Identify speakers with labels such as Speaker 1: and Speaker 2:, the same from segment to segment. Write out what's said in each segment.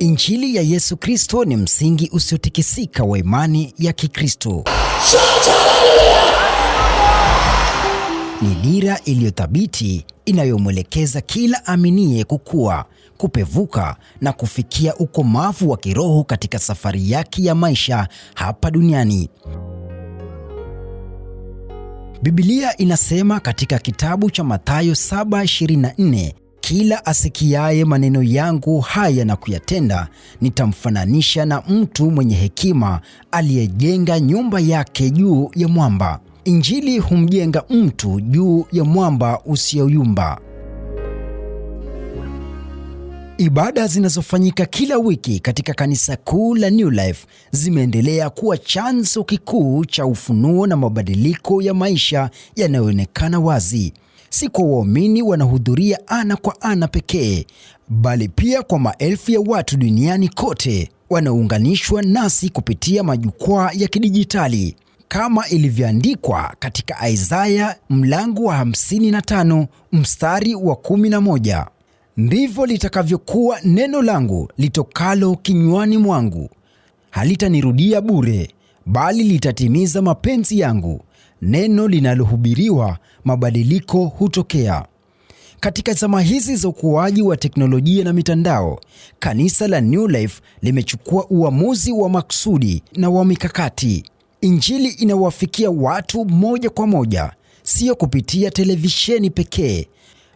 Speaker 1: Injili ya Yesu Kristo ni msingi usiotikisika wa imani ya Kikristo. Ni dira iliyothabiti inayomwelekeza kila aminiye kukua, kupevuka na kufikia ukomavu wa kiroho katika safari yake ya maisha hapa duniani. Biblia inasema katika kitabu cha Mathayo 7:24 kila asikiaye maneno yangu haya na kuyatenda, nitamfananisha na mtu mwenye hekima aliyejenga nyumba yake juu ya mwamba. Injili humjenga mtu juu ya mwamba usioyumba. Ibada zinazofanyika kila wiki katika kanisa kuu la New Life zimeendelea kuwa chanzo kikuu cha ufunuo na mabadiliko ya maisha yanayoonekana wazi si kwa waumini wanahudhuria ana kwa ana pekee, bali pia kwa maelfu ya watu duniani kote wanaounganishwa nasi kupitia majukwaa ya kidijitali kama ilivyoandikwa katika Isaya mlango wa 55 mstari wa 11, ndivyo litakavyokuwa neno langu litokalo kinywani mwangu; halitanirudia bure, bali litatimiza mapenzi yangu neno linalohubiriwa, mabadiliko hutokea. Katika zama hizi za ukuaji wa teknolojia na mitandao, kanisa la New Life limechukua uamuzi wa maksudi na wa mikakati. Injili inawafikia watu moja kwa moja, sio kupitia televisheni pekee,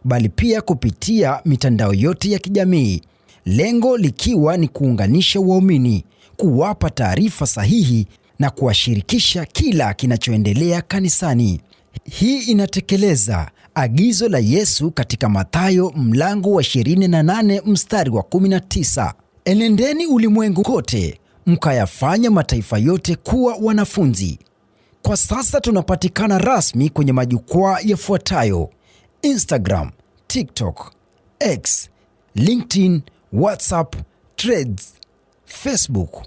Speaker 1: bali pia kupitia mitandao yote ya kijamii, lengo likiwa ni kuunganisha waumini, kuwapa taarifa sahihi na kuwashirikisha kila kinachoendelea kanisani. Hii inatekeleza agizo la Yesu katika Mathayo mlango wa 28 mstari wa 19, enendeni ulimwengu kote mkayafanya mataifa yote kuwa wanafunzi. Kwa sasa tunapatikana rasmi kwenye majukwaa yafuatayo: Instagram, TikTok, X, LinkedIn, WhatsApp, Threads, Facebook.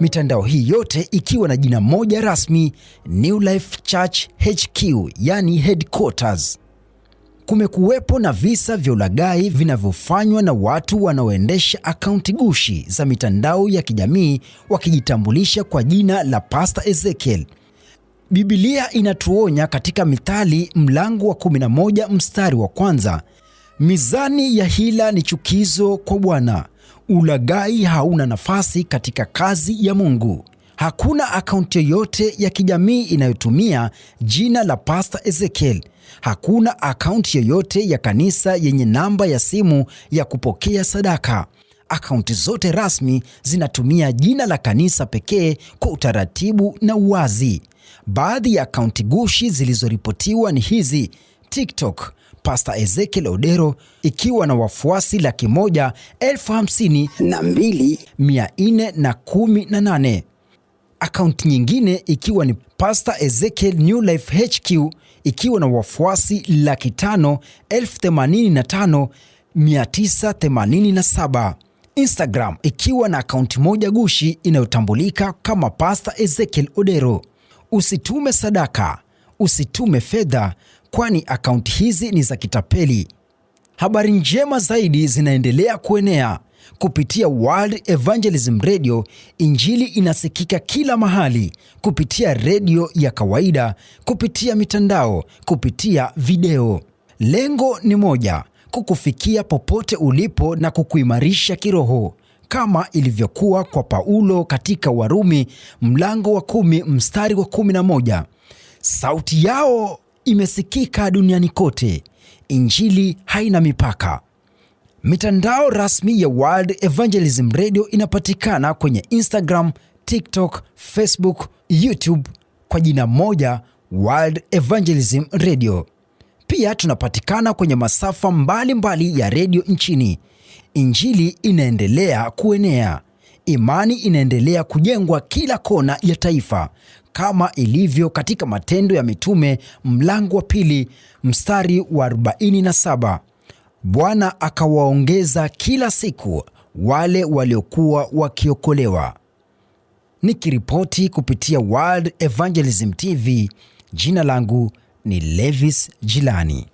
Speaker 1: Mitandao hii yote ikiwa na jina moja rasmi, New Life Church HQ, yani headquarters. Kumekuwepo na visa vya ulaghai vinavyofanywa na watu wanaoendesha akaunti gushi za mitandao ya kijamii wakijitambulisha kwa jina la Pastor Ezekiel. Biblia inatuonya katika Mithali mlango wa 11 mstari wa kwanza Mizani ya hila ni chukizo kwa Bwana. ulagai hauna nafasi katika kazi ya Mungu. Hakuna akaunti yoyote ya kijamii inayotumia jina la Pastor Ezekiel. Hakuna akaunti yoyote ya kanisa yenye namba ya simu ya kupokea sadaka. Akaunti zote rasmi zinatumia jina la kanisa pekee kwa utaratibu na uwazi. Baadhi ya akaunti gushi zilizoripotiwa ni hizi: TikTok Pasta Ezekiel Odero ikiwa na wafuasi laki moja elfu hamsini na mbili mia nne na kumi na nane. Akaunti nyingine ikiwa ni Pasta Ezekiel New Life HQ ikiwa na wafuasi laki tano elfu themanini na tano mia tisa themanini na saba. Instagram ikiwa na akaunti moja gushi inayotambulika kama Pasta Ezekiel Odero. Usitume sadaka, usitume fedha, kwani akaunti hizi ni za kitapeli. Habari njema zaidi zinaendelea kuenea kupitia World Evangelism Radio. Injili inasikika kila mahali, kupitia redio ya kawaida, kupitia mitandao, kupitia video. Lengo ni moja, kukufikia popote ulipo na kukuimarisha kiroho kama ilivyokuwa kwa Paulo katika Warumi mlango wa kumi mstari wa kumi na moja. Sauti yao imesikika duniani kote. Injili haina mipaka. Mitandao rasmi ya World Evangelism Radio inapatikana kwenye Instagram, TikTok, Facebook, YouTube kwa jina moja World Evangelism Radio. Pia tunapatikana kwenye masafa mbalimbali mbali ya redio nchini. Injili inaendelea kuenea. Imani inaendelea kujengwa kila kona ya taifa kama ilivyo katika Matendo ya Mitume mlango wa pili mstari wa 47, Bwana akawaongeza kila siku wale waliokuwa wakiokolewa. Nikiripoti kupitia World Evangelism TV, jina langu ni Levis Jilani.